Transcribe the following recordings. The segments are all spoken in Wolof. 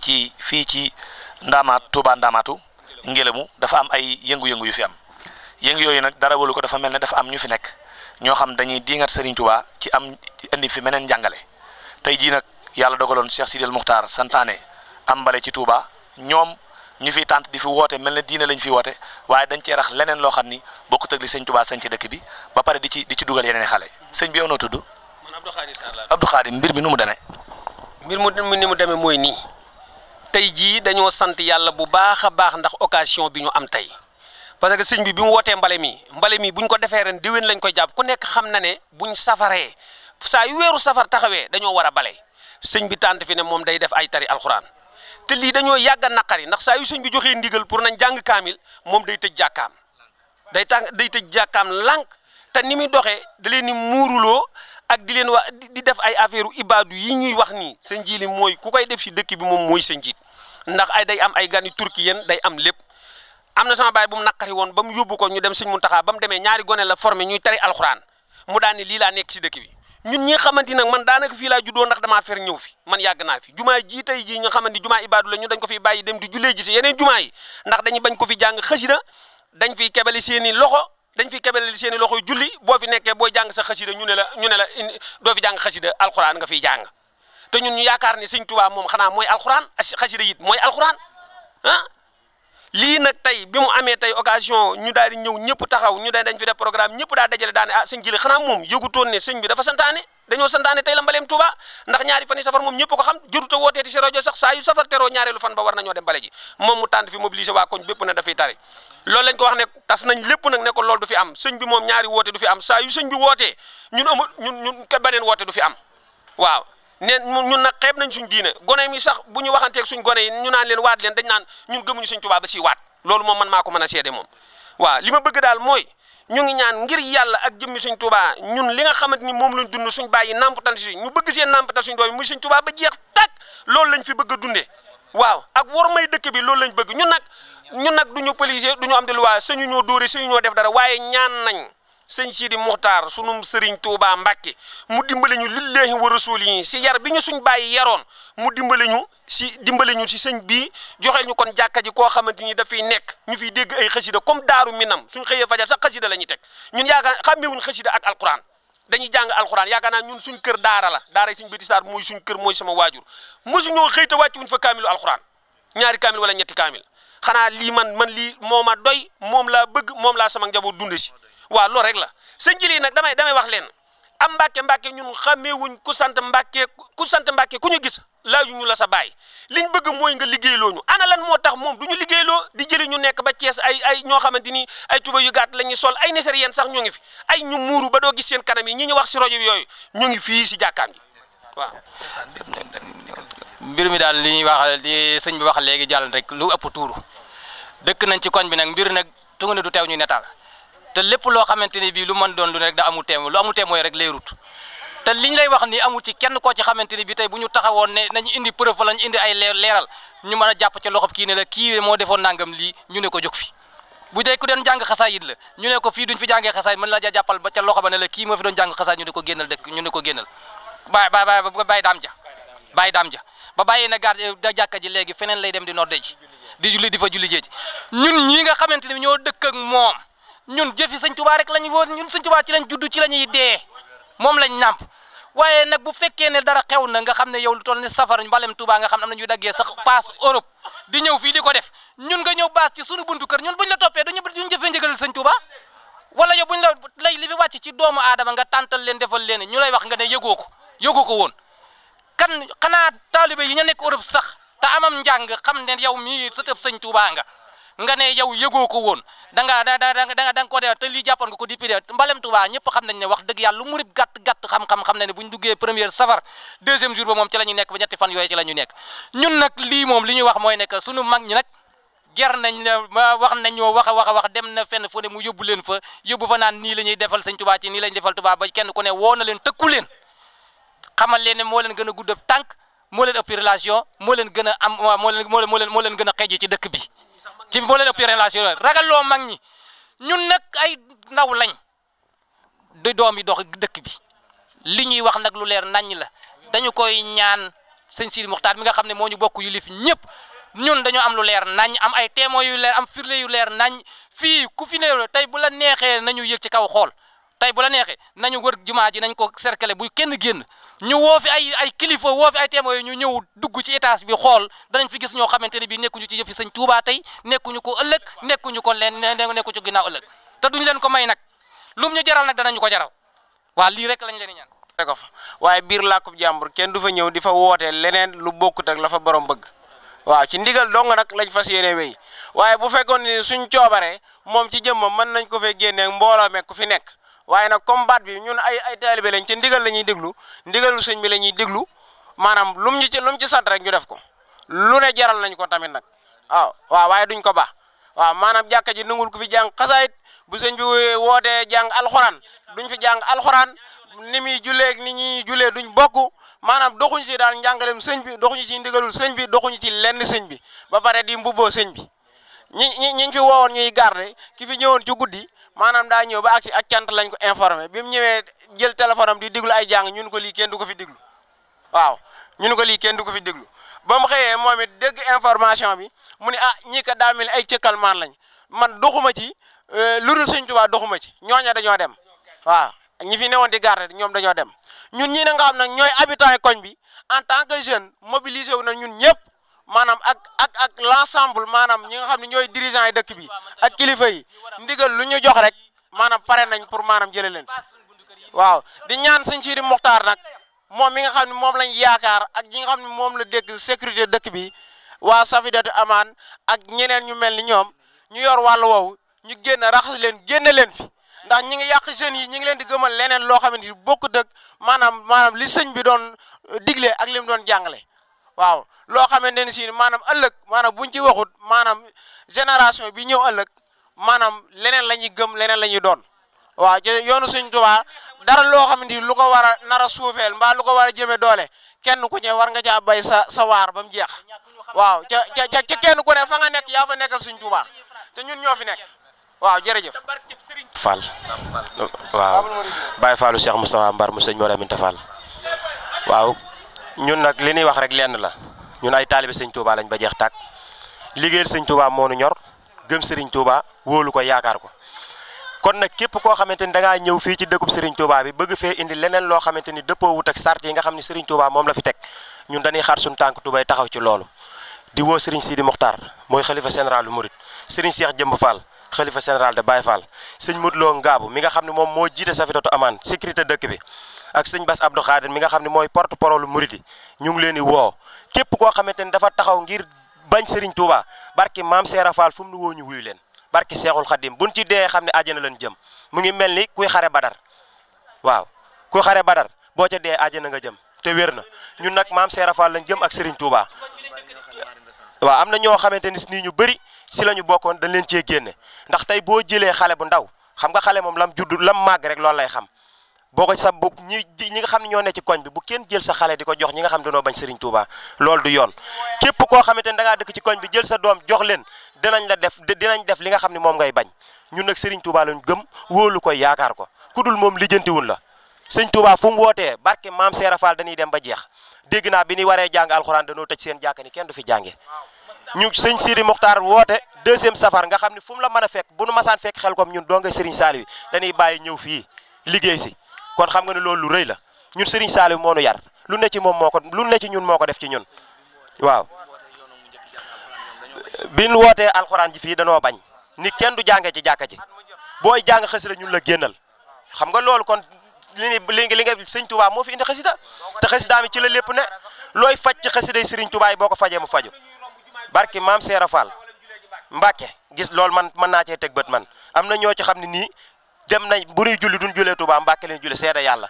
ci fi ci ndama Touba ndaamaatu Ngélémou dafa am ay yengu yengu yu fi am yëngu yoy nak dara walu ko dafa mel dafa am ñu fi nek ño xam dañuy diingat Serigne Touba ci am indi fi menen jangale tay ji nak yalla dogalon Cheikh Sidil mukhtar santane am balé ci Touba ñom ñu fi tante di fi wote mel diina lañ fi wote waye dañ ci rax lenen lo xamni ni bokkut ak li sëñ Touba sañ ci bi ba pare di ci di ci duggal yeneen xalé serigne bi yow no tuddu man Abdou Khadim Sarr Abdou Khadim mbir mi numu mbir mu ni mu demé moy ni tey jii dañoo sant yàlla bu baax a baax ndax occasion bi ñu am tey parce que sëñ bi bi mu wootee mbale mi mbale mi buñ ko defee ren déwén lañ koy jàpp ku nekk xam na ne buñ safaree saa yu weeru safar taxawee dañoo war a bale sëñ bi tànt fi ne moom day def ay tari alxuraan te lii dañoo yàgg a naqari ndax saa yu sëñ bi joxee ndigal pour nañ jàng kaamil moom day tëj jàkkaam day tàng tëj jàkkaam lànk te ni muy doxee da leen muuruloo ak di leen wax di def ay affaire ibaadu yi ñuy wax ni sa njiili mooy ku koy def si dëkk bi moom mooy sa njiit ndax ay day am ay gan gani turki yéen day am lépp am na sama baay bu mu naqari woon ba mu yóbbu ko ñu dem sëñ Muntaxa ba mu demee ñaari gone la formé ñuy tari alxuraan mu daani lii laa nekk si dëkk bi ñun ñi xamante nag man daanaka fii laa juddoo ndax damaa fer ñëw fi man yàgg naa fi jumaa ji tey ji nga xamante jumaa ibaadu la ñu dañ ko fi bàyyi dem di jullee ji si yeneen jumaa yi ndax dañu bañ ko fi jàng xasida dañ fiy kebali seeni loxo dañ fi kebelali seen i loxoy julli boo fi nekkee booy jàng sa xasida ñu ne la ñu ne la doo fi jàng xasida alxuraan nga fiy jàng te ñun ñu yaakaar ne sëñ Tuubaa moom xanaa mooy alxuraan xasida it mooy alxuraan ah lii nag tey bi mu amee tey occasion ñu daal di ñëw ñëpp taxaw ñu dañ dañ fi def programme ñëpp daa dajale daane ah sëñ Jili xanaa moom yëgutoon ne sëñ bi dafa santaane dañoo santaane tey la mbaleem Touba ndax ñaari fan yi safar moom ñëpp ko xam juruta wooteeti si rajo sax saa yu safar teroo ñaareelu fan ba war nañoo dem moom mu tànn fi mobiliser waa koñ bépp ne dafay tare loolu lañ wax ne tas nañ lépp nag ne ko loolu du fi am sëñ bi moom ñaari woote fi am saa yu sëñ ñun amul ñun ñun ka beneen woote du fi am waaw neen ñun nag xeeb nañ suñ diine gone mi sax bu ñu waxanteeg suñ gone yi ñu naan leen waat leen dañ naan ñun gëmuñu sëñ Touba ba waat loolu moom man maa ko mën a seede moom waaw li ma bëgg daal mooy ñu ngi ñaan ngir yàlla ak jëmmi suñ tubaa ñun li nga xamante ni moom lañ dund suñ bàyyi nampatal si ñu bëgg seen nampatal suñ doom mu suñ tubaa ba jeex tàkk loolu lañ fi bëgg a dundee waaw ak war may dëkk bi loolu lañ bëgg ñun nag ñun nag du ñu policier du ñu am de loi sañu ñoo dóore sañu ñoo def dara waaye ñaan nañ seigne Sidi muhtar sunum serigne Touba Mbacke mu dimbale ñu lillahi wa rasul yi si yar bi ñu suñ bàyyi yaron mu dimbale ñu si dimbale ñu si seigne bi joxel ñu kon jàkka ji koo da. ni dafiy nekk ñu fi dégg ay khassida comme daru minam suñ xëyee fajar sax xasida la ñuy teg ñun yaakaar wuñ khassida ak alquran dañuy jàng alquran yaakaar na ñun suñ kër daara la daara seigne suñ moy suñ kër moy sama waajur mosu ñoo xeyta waccu wuñ fa kamilu alquran ñaari kamil wala ñetti kamil xana li man man li moma doy mom la bëgg mom la sama si wa lo rek la señ jili nak damay damay wax len am mbacke mbacke ñun xàmmeewuñ ku sant mbacke ku sant mbacke ku ñu gis yu ñu la sa bay liñ bëgg moy nga liggéeyloo ñu ana lan tax di jëri ñu nekk ba Cees ay ay ño xamanteni ay tuba yu gatt lañu sol ay neser yeen sax ñu ngi fi ay ñu muru ba do gis seen kanam yi ñi ñu wax ci rojo bi ñu ngi fi ci jakkam wa mbir mi dal li wax di señ bi wax legi jall rek lu ëpp tuuru dekk nañ ci koñ bi nak mbir nak ne du tew ñu netal te lépp loo xamante ni bii lu mën doon lu ne rek da amul témoin lu amul témoin rek leerut te liñ lay wax nii amul ci kenn koo ci xamante ni tey bu ñu taxawoon ne nañu indi preuve wala ñu indi ay leeral ñu mën a jàpp ca loxob kii ne la kii moo defoon nangam lii ñu ne ko jóg fi bu dee ku jàng xasaayit la ñu ne ko fii duñ fi jàngee xasaayit mën la jàppal ba ca loxo ba ne la kii moo fi doon jàng xasaayit ñu ne ko génnal dëkk ñu ne ko génnal bàyyi bàyyi bàyyi daam ba bàyyi na gar da jàkka ji léegi feneen lay dem di nodde ñun jëfi sëñ tubaa rek lañu woon ñun sëñ tubaa ci lañ juddu ci lañuy dee moom lañ nàmp waaye nag bu fekkee ne dara xew na nga xam ne yow lu toll ne safar mbalem tubaa nga xam ne am na sax paas Europe di ñëw fii di ko def ñun nga ñëw baas ci suñu buntu kër ñun buñ la toppee duñu duñu jëfee njëgalal wala yow buñ la lay li fi wàcc ci doomu aadama nga tàntal leen defal leen ñu lay wax nga ne yëgoo ko yëgoo ko woon kan xanaa taalibe yi ña nekk Europe sax te amam njàng xam ne yow mii sëtëb sëñ tubaa nga nga ne yow yegoko won da nga da da da nga ko dee te li japon nga ko depuis de mbalem Touba ñëpp xam nañ ne wax deug yalla murib gatt gatt xam-xam xam nañ buñ duggé premier safar deuxième jour ba mom ci lañu ñu nekk ba ñetti fan yoy ci lañu ñu nekk ñun nak li mom li ñu wax moy nekk suñu mag ñi nak ger nañ ne wax nañ ñoo waxa waxa wax dem na fenn fu ne mu yobul leen fa yobu fa naan ni lañuy defal señ Touba ci ni lañ defal Touba ba kenn ku ne wo na leen tekkul leen xamal leen ne mo leen gëna gudd ab tànk moo leen ëpp relation mo leen gëna am mo leen mo leen mo leen gëna xejji ci dëkk bi ci moo leen ëpp relation ragal loo mag ñi ñun nag ay ndaw lañ di doom yi dox dëkk bi li ñuy wax nag lu leer naññ la dañu koy ñaan sëñ Sidi Muxtaar mi nga xam ne moo ñu bokk yu lif ñëpp ñun dañoo am lu leer nañ am ay témoins yu leer am firnde yu leer nañ fii ku fi ne tey bu la neexee nañu yëg ci kaw xool tey bu la neexee nañu wër jumaa ji nañ ko cercle bu kenn génn ñu woo fi ay ay kilifa woo fi ay témoins yooyu ñu ñëw dugg ci étage bi xool danañ fi gis ñoo xamante ne bii nekkuñu ci yëfi sañ Touba tey nekkuñu ko ëllëg nekkuñu ko leen nekku ci ginnaaw ëllëg te duñ leen ko may nag lum ñu jaral nag danañ ko jaral waa lii rek lañ leen ñaan. ko fa waaye biir làkkub jàmbur kenn du fa ñëw di fa wootee leneen lu bokkut ak la fa borom bëgg waaw ci ndigal dong nag lañ fas yéene wéy waaye bu fekkoon ni suñ coobaree moom ci jëmmam mën nañ ko fee génne mbooloo meeg ku fi nekk waaye nag comme baat bi ñun ay ay taalibe lañ ci ndigal la ñuy déglu ndigalul sëñ bi la ñuy déglu maanaam lum ñu ci lum ci sant rek ñu def ko lu ne jaral nañ ko tamit nag waaw waaw waaye duñ ko baax waaw maanaam jàkka ji nangul ko fi jàng xasaayit bu sëñ bi wootee jàng alxuraan duñ fi jàng alxuraan ni muy jullee ni ñuy jullee duñ bokk maanaam doxuñ si daal njàngalem sëñ bi doxuñu ci ndigalul sëñ bi doxuñu ci lenn sëñ bi ba pare di mbubboo sëñ bi ñi ñi ñiñ fi woowoon ñuy garde ki fi ñëwoon ci guddi maanaam daa ñëw ba ak cant lañ ko informé ñëwee jël téléphone di diglu ay jàng ñun ko lii kenn du ko fi diglu waaw ñun ko lii kenn du ko fi diglu ba mu xëyee moom it dégg information bi mu a ah ñii kat daa mel ni ay cëkkal maan lañ man doxuma ci euh, lu dul Sëñ Tuubaa doxuma ci ñooña dañoo dem waaw ñi fi newoon di garde ñoom dañoo dem ñun ñi na nga xam nag ñooy habitants koñ bi en tant que jeune mobilisé wu na ñun ñëpp maanaam ak ak ak l'ensemble maanaam ñi nga xam ne ñooy dirigeant yi dëkk bi ak kilifa yi ndigal lu ñu jox rek maanaam pare nañ pour maanaam jëlee leen waaw di ñaan sëñ Sidi Muxtaar nag moom mi nga xam ne moom la ñu yaakaar ak ñi nga xam ne moom la dégg sécurité dëkk bi waa Safinatul Amaan ak ñeneen ñu mel ni ñoom ñu yor wàll woowu ñu génn raxas leen génne leen fi ndax ñi ngi yàq jeunes yi ñi ngi leen di gëmal leneen loo xamante ni bokk dëkk maanaam maanaam li sëñ bi doon digle ak li mu doon jàngale waaw loo xamante ne si maanaam ëllëg maanaam buñ ci waxut maanaam génération bi ñëw ëllëg maanaam leneen la ñuy gëm leneen la ñuy doon waaw yoonu Sëñ Tuubaa dara loo xamante ni lu ko war a nar a suufeel mbaa lu ko war a jëme doole kenn ku ne war nga caa bay sa sa waar ba mu jeex waaw ca ca ca kenn ku ne fa nga nekk yaa fa nekkal Sëñ Tuubaa te ñun ñoo fi nekk waaw jërëjëf Fall waaw Baye Fallu Cheikh Moustapha Mbar mu sëñ Mor Aminta waaw ñun nag li nuy wax rek lenn la ñun ay taalibe sëñ Touba lañ ba jeex tàkk liggéeyal sëñ Touba moo nu ñor gëm Serigne Touba wóolu ko yaakaar ko kon nag képp koo xamante ni da ñëw fii ci dëkkub Serigne Touba bi bëgg fee indi leneen loo xamante ni dëppoo wut ak sart yi nga xam ne Serigne Touba moom la fi teg ñun dañuy xaar suñu tànk Touba taxaw ci loolu di woo Serigne Sidi Mokhtar mooy xalifa général lu Mouride Serigne Cheikh Jëmb Fall khalifa general de Baye Fall sëñ Modou Lo mi nga xamni mom mo jité jiite to Aman sécurité deuk bi ak seigne Bass Abdou Khadir mi nga xamni moy porte parole mouride ñu ngi leni wo kep ko koo dafa taxaw ngir bañ seigne Touba barki mam Seera Fall fum nu woo ñu barki cheikhul khadim buñ ci dee xamni aljana lañu jëm mu ngi melni kuy xaré Badar waaw kuy xaré Badar bo ca dee aljana nga jëm té wërna ñun nak mam Seera Fall lañu jëm ak seigne Touba wa am ño xamanteni ni ñu bari si la ñu bokkoon dañ leen cee génne ndax tey boo jëlee xale bu ndaw xam nga xale moom lam juddu lam màgg rek loolu lay xam boo ko sa bu ñi ñi nga xam ne ñoo ne ci koñ bi bu kenn jël sa xale di ko jox ñi nga xam dañoo bañ Serigne loolu du képp koo xamante ne da dëkk ci koñ bi jël sa doom jox leen dinañ la def dinañ def li nga xam ne moom ngay bañ ñun nag Serigne Touba lañ gëm wóolu ko yaakaar ko ku dul moom lijjantiwul la Serigne Touba fu mu wootee barke maam Seera Fall dañuy dem ba jeex dégg naa bi ni waree jàng alxuraan dañoo tëj seen jàkka ni kenn du fi jànge ñu sëñ Sidi Mokhtar woote deuxième safar nga xam ne fu la mën a fekk bu nu masaan fekk xel kom ñun doo ngay Serigne Saliou dañuy bàyyi ñëw fii liggéey si kon xam nga ne loolu lu rëy la ñun Serigne Saliou moo nu yar lu ne ci moom moo ko lu ne ci ñun moo ko def ci ñun waaw. biñ wootee alxuraan ji fii danoo bañ ni kenn du jàngee ci jàkka ji booy jàng xasida ñun la génnal xam nga loolu kon li li li nga sëñ Touba moo fi indi xasida te xasida i ci la lépp ne looy faj ci xasida Serigne Touba boo ko fajee mu faju barki maam Seera Fall Mbàkke gis loolu man mën naa cee teg bët man am na ñoo ci xam ne nii dem nañ bu ñuy julli duñ julee Touba Mbàkke leen julli seede yàlla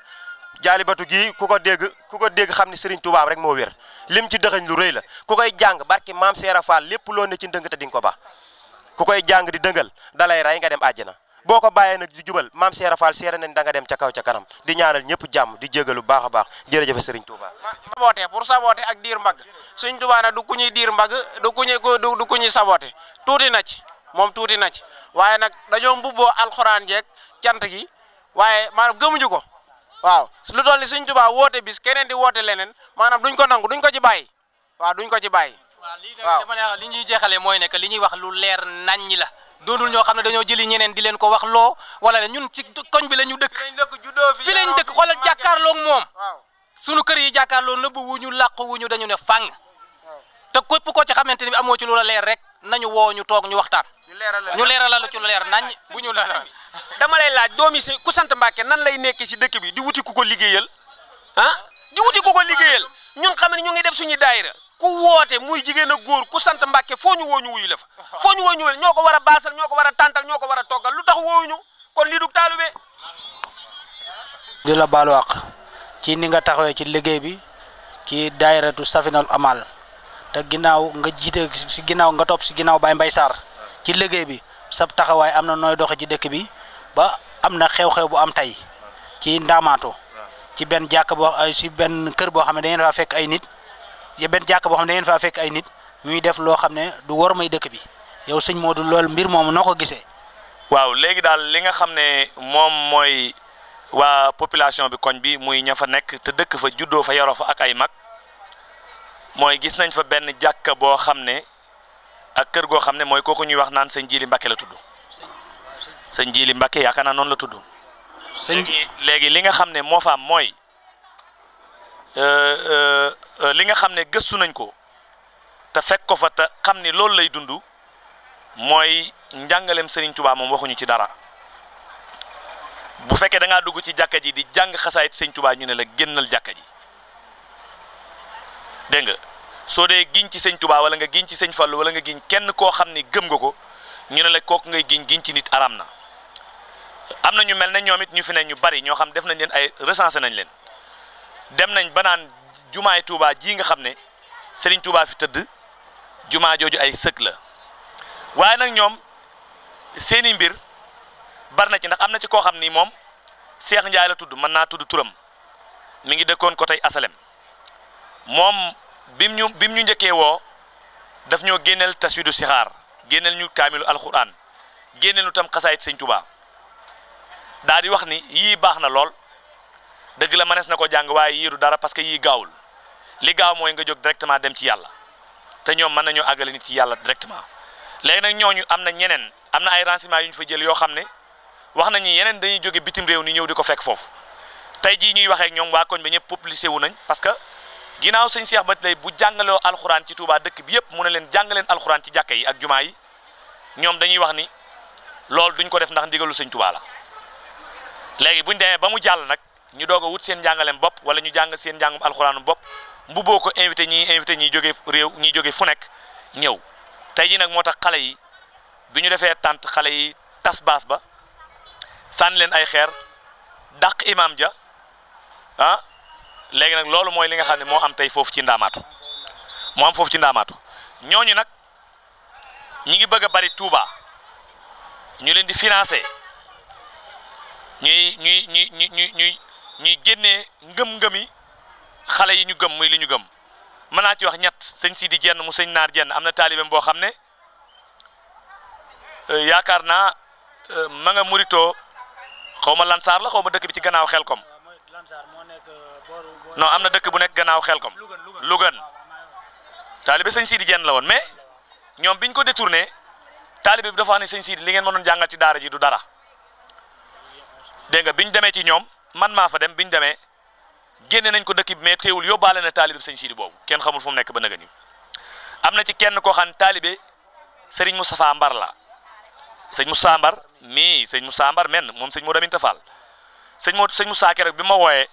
jaalibatu gii ku ko dégg ku ko dégg xam ne Serigne Touba rek moo wér lim ci dëxëñ lu rëy la ku koy jàng barki maam Seera Fall lépp loo ne ci ndëng te di nga ko ba ku koy jàng di dëngal dalay rey nga dem na boo ko bàyyee nag di jubal maam Seera Fall seera nañ danga dem ca kaw ca kanam di ñaanal ñëpp jàmm di jégalu baax a baax jërëjëf Serigne Touba. sabote pour sabote ak diir mbagg Serigne Touba nag du ku ñuy diir mbagg du ku ñuy du ku ñuy sabote tuuti na ci moom tuuti na ci waaye nag dajoo mbubo alxuraan jeeg jant gi waaye maanaam gëmuñu ko waaw lu doon li Serigne Touba woote bis keneen di woote leneen maanaam duñ ko nangu duñ ko ci bàyyi waaw duñ ko ci bàyyi. waaw li ñuy jeexalee mooy ne que li ñuy wax lu leer naññ la. doonul ñoo xam ne dañoo jëli ñeneen di leen ko wax loo wala ñun ci koñ bi la ñu dëkk fi lañ dëkk xoolal jàkkaarloog moom sunu kër yi jàkkaarloo nëbb wuñu làq wuñu dañu ne fànk te képp ko ci xamante ni amoo ci lu la leer rek nañu woo ñu toog ñu waxtaan ñu leeralal ci lu leer nañ bu ñu la dama lay laaj doom yi si ku sant Mbàkke nan lay nekkee si dëkk bi di wuti ku ko liggéeyal ah di wuti ku ko liggéeyal ñun xam ne ñu ngi def suñu daayira ku woote muy jigéen ak góor ku sant mbàkke foo ñu woo ñu wuyu la fa foo ñu woo ñu wuyu ñoo ko war a baasal ñoo ko war a tàntal ñoo ko war a toggal lu tax woowuñu kon lii du taalube di la baalu àq ci ni nga taxawee ci liggéey bi ci daayiratu safinal amal te ginnaaw nga jiite si ginnaaw nga topp si ginnaaw Baye Mbaye Sarr ci liggéey bi sab taxawaay am na nooy doxe ci dëkk bi ba am na xew-xew bu am tey ci ndaamaato ci benn jàkk boo benn kër boo xam ne da ngeen fekk ay nit ci benn jàkk boo xam ne da faa fekk ay nit ñuy def loo xam ne du war may dëkk bi yow sëñ Modou lool mbir moomu noo ko gisee. waaw léegi daal li nga xam ne moom mooy waa population bi koñ bi muy ña fa nekk te dëkk fa juddoo fa yaroo fa ak ay mag mooy gis nañ fa benn jàkka boo xam ne ak kër goo xam ne mooy kooku ñuy wax naan sëñ Jili Mbacke la tudd. sëñ Jili Mbacke yaakaar naa noonu la tudd. sëñ léegi li nga xam ne moo fa am mooy euh, euh, euh, li nga xam ne gëstu nañ ko te fekk ko fa te xam ni loolu lay dund mooy njàngaleem Serigne tubaa moom waxuñu ci dara bu fekkee da ngaa dugg ci jàkka ji di jàng xasaayit Serigne Touba ñu ne la génnal jàkka ji dégg nga soo dee giñ ci Serigne Touba wala nga giñ ci Serigne Fallou wala nga giñ kenn koo xam ni gëm nga ko ñu ne la kooku ngay giñ giñ ci nit aram na. am na ñu mel ne ñoomit it ñu fi ne ñu bari ñoo xam def nañ leen ay recensé nañ leen dem nañ ba naan jumaay Touba ji nga xam ne Serigne Touba fi tëdd jumaa jooju ay sëg la waaye nag ñoom seeni mbir bari na ci ndax am na ci koo xam ni moom Cheikh Ndiaye la tudd mën naa tudd turam mu ngi dëkkoon ko tey asalem moom bim ñu bim ñu njëkkee woo daf ñoo génneel taswidu sixaar génneel ñu kaamilu alquran génneel ñu tam xasaayit Sëñ Touba. Dari di wax ni yii baax na lool dëgg la manes na ko jàng waaye yii du dara parce que yii gaawul li gaaw mooy nga jóg directement dem ci yàlla te ñoom mën nañoo àggale nit ci yàlla directement léegi nag ñooñu am na ñeneen am na ay renseignement yu ñu fa jël yoo xam ne wax nañu yeneen dañuy jóge bitim réew ni ñëw di ko fekk foofu tey jii ñuy waxee ñoom waa koñ bi ñëpp publicé wu nañ parce que ginnaaw sëñ Cheikh Bat lay bu jàngaloo alxuraan ci Touba dëkk bi yëpp mu ne leen leen alxuraan ci jàkka ak jumaa yi dañuy wax ni loolu duñ ko def ndax ndigalu sëñ Touba la léegi bu ñu demee ba mu jàll nag ñu doog a wut seen njàngaleem bopp wala ñu jàng seen njàngum alxuraanum bopp mbubboo ko invité ñi invité ñi jógee réew ñi jógee fu nekk ñëw tey ji nag moo tax xale yi bi ñu defee tànt xale yi tasbaas ba sànni leen ay xeer daq imam ja ah léegi nag loolu mooy li nga xam ne moo am tey foofu ci ndaamaatu moo am foofu ci ndaamaatu ñooñu nag ñi ngi bëgg a bari tuuba ñu leen di financé ñuy ñuy ñuy ñuy ñuy nyi génnee ngëm-ngëmi xale yi ñu gëm muy li ñu gëm mën naa ci wax ñett sëñ Sidi Jenn mu sëñ Naar Jenn am na taalibeem boo xam ne euh, yaakaar naa euh, ma nga muritoo xaw ma lansaar la xaw ma dëkk bi ci gannaaw xelkom non am na dëkk bu nekk gannaaw xelkom Lugan taalibe sëñ Sidi Jenn la woon mais ñoom biñ ko détourné taalibe bi dafa wax ne sëñ Sidi li ngeen mënoon jàngal ci daara ji du dara dégg nga bi nyom, ci ñom man ma fa dem bi démé génné nañ ko dëkk bi mé téwul yóbbaale na taalibe señ Sidi bobu kèn xamul fu mu nekk ba nga ni amna ci kèn ko xam talibé señ mustafa Mbar la señ mustafa Mbar mi señ mustafa Mbar men mom señ Modou tafal, Fall sëñ Modou sëñ Moustapha bima bi ma wooyee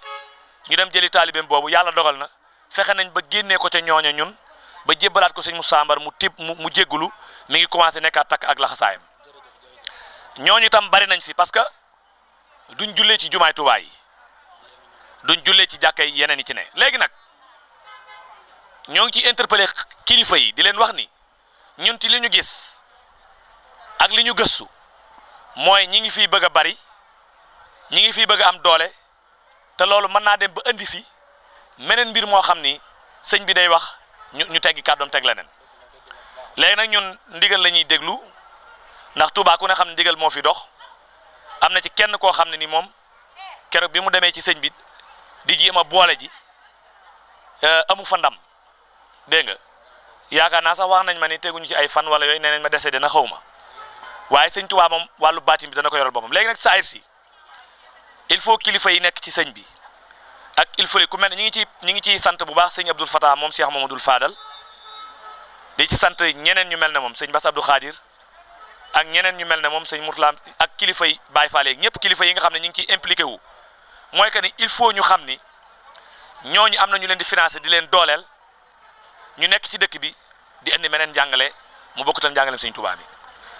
ñu dem jëli talibé bobu yalla dogal na fexé nañ ba génné ko ci ñoña ñun ba jébalat ko señ mustafa Mbar mu tip mu jéggulu mi ngi commencé nekk attaque ak ñoñu tam bari nañ ci parce que. duñ jullee ci jumaay Tuubaa yi duñ jullee ci jàkka yi yeneen yi ci ne léegi nag ñoo ngi ci interpellé kilifa yi di leen wax ni ñun ci li ñu gis ak li ñu gëstu mooy ñi ngi fiy bëgg a bari ñi ngi fiy bëgg am doole te loolu mën naa dem ba indi fi meneen mbir moo xam ni sëñ bi day wax ñu teggi kàddoom teg leneen léegi nag ñun ndigal la ñuy déglu ndax Tuubaa ku ne xam ndigal moo fi dox. am na ci kenn koo xam ne nii moom keroog bi mu demee ci sëñ bi di jéem a boole ji euh, amu fa ndam dégg nga yaakaar naa sax wax nañ ma ni teguñu ci ay fan wala yooyu nee nañ ma dese dina xaw ma waaye sëñ Tuubaa moom wàllu baatin bi dana ko yoral boppam léegi nag saayir si il faut kilifa yi nekk ci sëñ bi ak il faut ku mel ne ñu ngi ciy ñu ngi ciy sant bu baax sëñ Abdul Fatah moom Cheikh Mamadou Fadal di ci sant ñeneen ñu mel ne moom sëñ Bass Abdou Khadir ak ñeneen ñu mel ne moom sëñ Mourtala ak kilifa yi Baye Fall ñëpp kilifa yi nga xam ne ñu ngi ciy impliqué wu mooy que ni il faut ñu xam ni ñooñu am na ñu leen di financé di leen dooleel ñu nekk ci dëkk bi di indi meneen jàngale mu bokkutal njàngaleem sëñ Touba bi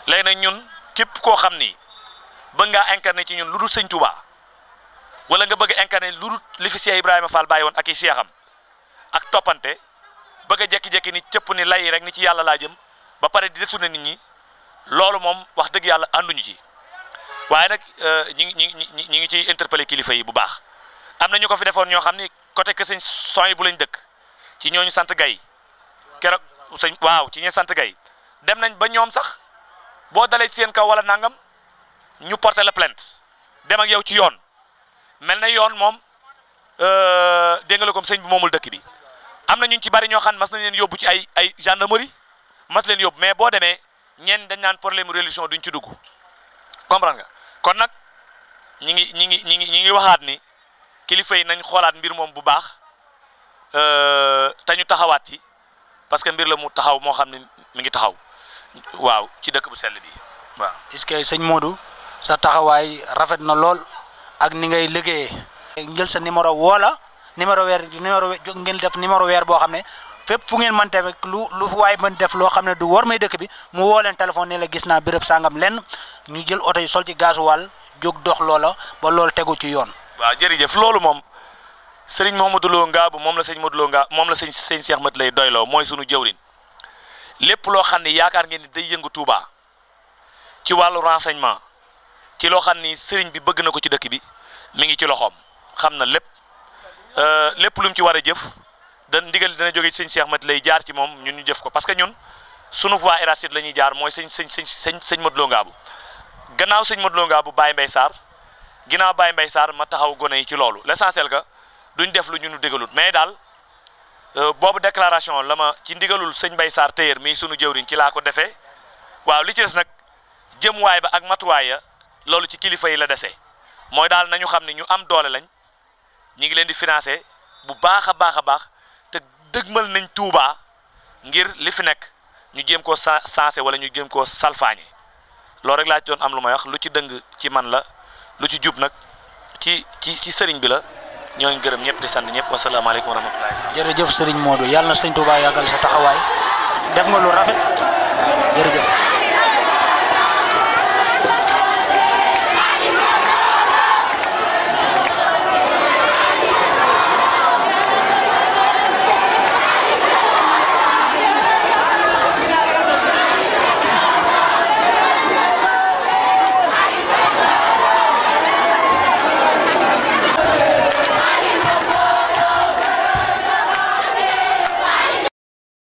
léegi nag ñun képp koo xam ni bëgg nga incarné ci ñun lu dul sëñ Touba wala nga bëgg a lu dul li fi Cheikh Ibrahima Fall bàyyi woon ak i seexam ak toppante bëgg a jekki-jekki ni cëpp lay rek ni ci yàlla laa jëm ba pare di détourné nit ñi loolu moom wax dëgg yàlla ànduñu ci waaye nag euh, ñi ngi ñi ngi ñi ngi ciy interpellé kilifa yi bu baax am na ñu ko fi defoon ñoo xam ni côté que sëñ sooy bu lañ dëkk ci ñooñu sant gay keroog sëñ waaw ci ñi sant gay dem nañ ba ñoom sax boo dalee seen kaw wala nangam ñu porté la plainte dem ak yow ci yoon mel na yoon moom euh, dégg nga la comme sëñ bi moomul dëkk bi am na ñu ci bari ñoo xam mas leen yóbbu ci ay ay gendarmerie mas leen yóbbu mais boo demee. ñen dañ nan problème religion duñ ci dugg comprendre nga kon nak ñi ngi ñi ngi ñi ngi ñi ngi waxat ni kilifa yi nañ xolaat mbir mom bu baax euh tañu taxawaat ci parce que mbir la mu taxaw mo xamni mi ngi taxaw waaw ci dëkk bu sel bi waaw. est-ce que seigne Modou sa taxaway rafet na lol ak ni ngay liggéeyee. ngeel sa numéro woo numéro wer numéro ngeen def numéro wer bo xamne fépp fu ngeen mën tamit lu lu waaye man def loo xam ne du war may dëkk bi mu woo leen téléphone ne la gis naa béréb sàngam lenn ñu jël oto yi sol ci gasoil jóg dox loola ba loolu tegu ci yoon. waaw jërëjëf loolu moom sëriñ moo Mouhamadou ngaa Ngabou moom la sëñ Modou ngaa moom la sëñ sëñ Cheikh Mat lay doyloo mooy sunu jëwrin lépp loo xam ne yaakaar ngeen ni day yëngu Touba ci wàllu renseignement ci loo xam ni sëriñ bi bëgg na ko ci dëkk bi mu ngi ci loxoom xam na lépp euh, lépp lu ci war a jëf. da ndigal dina jóge ci sëñ Cheikh Mat lay jaar ci moom ñun ñu jëf ko parce que ñun sunu voie éracide la ñuy jaar mooy sëñ sëñ sëñ sëñ sëñ Modou Lo Ngabou gannaaw sëñ Modou Lo Ngabou Baye Mbaye Sarr ginnaaw Baye Mbaye ma taxaw gone yi ci loolu l'essentiel que duñ def lu ñu nu digalut mais daal euh, boobu déclaration la ma ci ndigalul sëñ mbay saar téyéer mii sunu jëwriñ ci laa ko defee waaw li ci des nag jëmuwaay ba ak matuwaay ya loolu ci kilifa yi la desee mooy daal nañu xam ne ñu am doole lañ ñu ngi leen di financé bu baax a baax a baax dëgmal nañ Touba ngir li fi nek ñu jëm ko sansé wala ñu jëm ko salfañi lo rek la ci doon am luma wax lu ci dëng ci man la lu ci jup nak ci ci ci serigne bi la ñoy ngi gërëm di sand sant assalamu alaykum wa jere jërëjëf serigne Modou yalla na Touba yagal sa taxaway def nga lu rafet jërëjëf.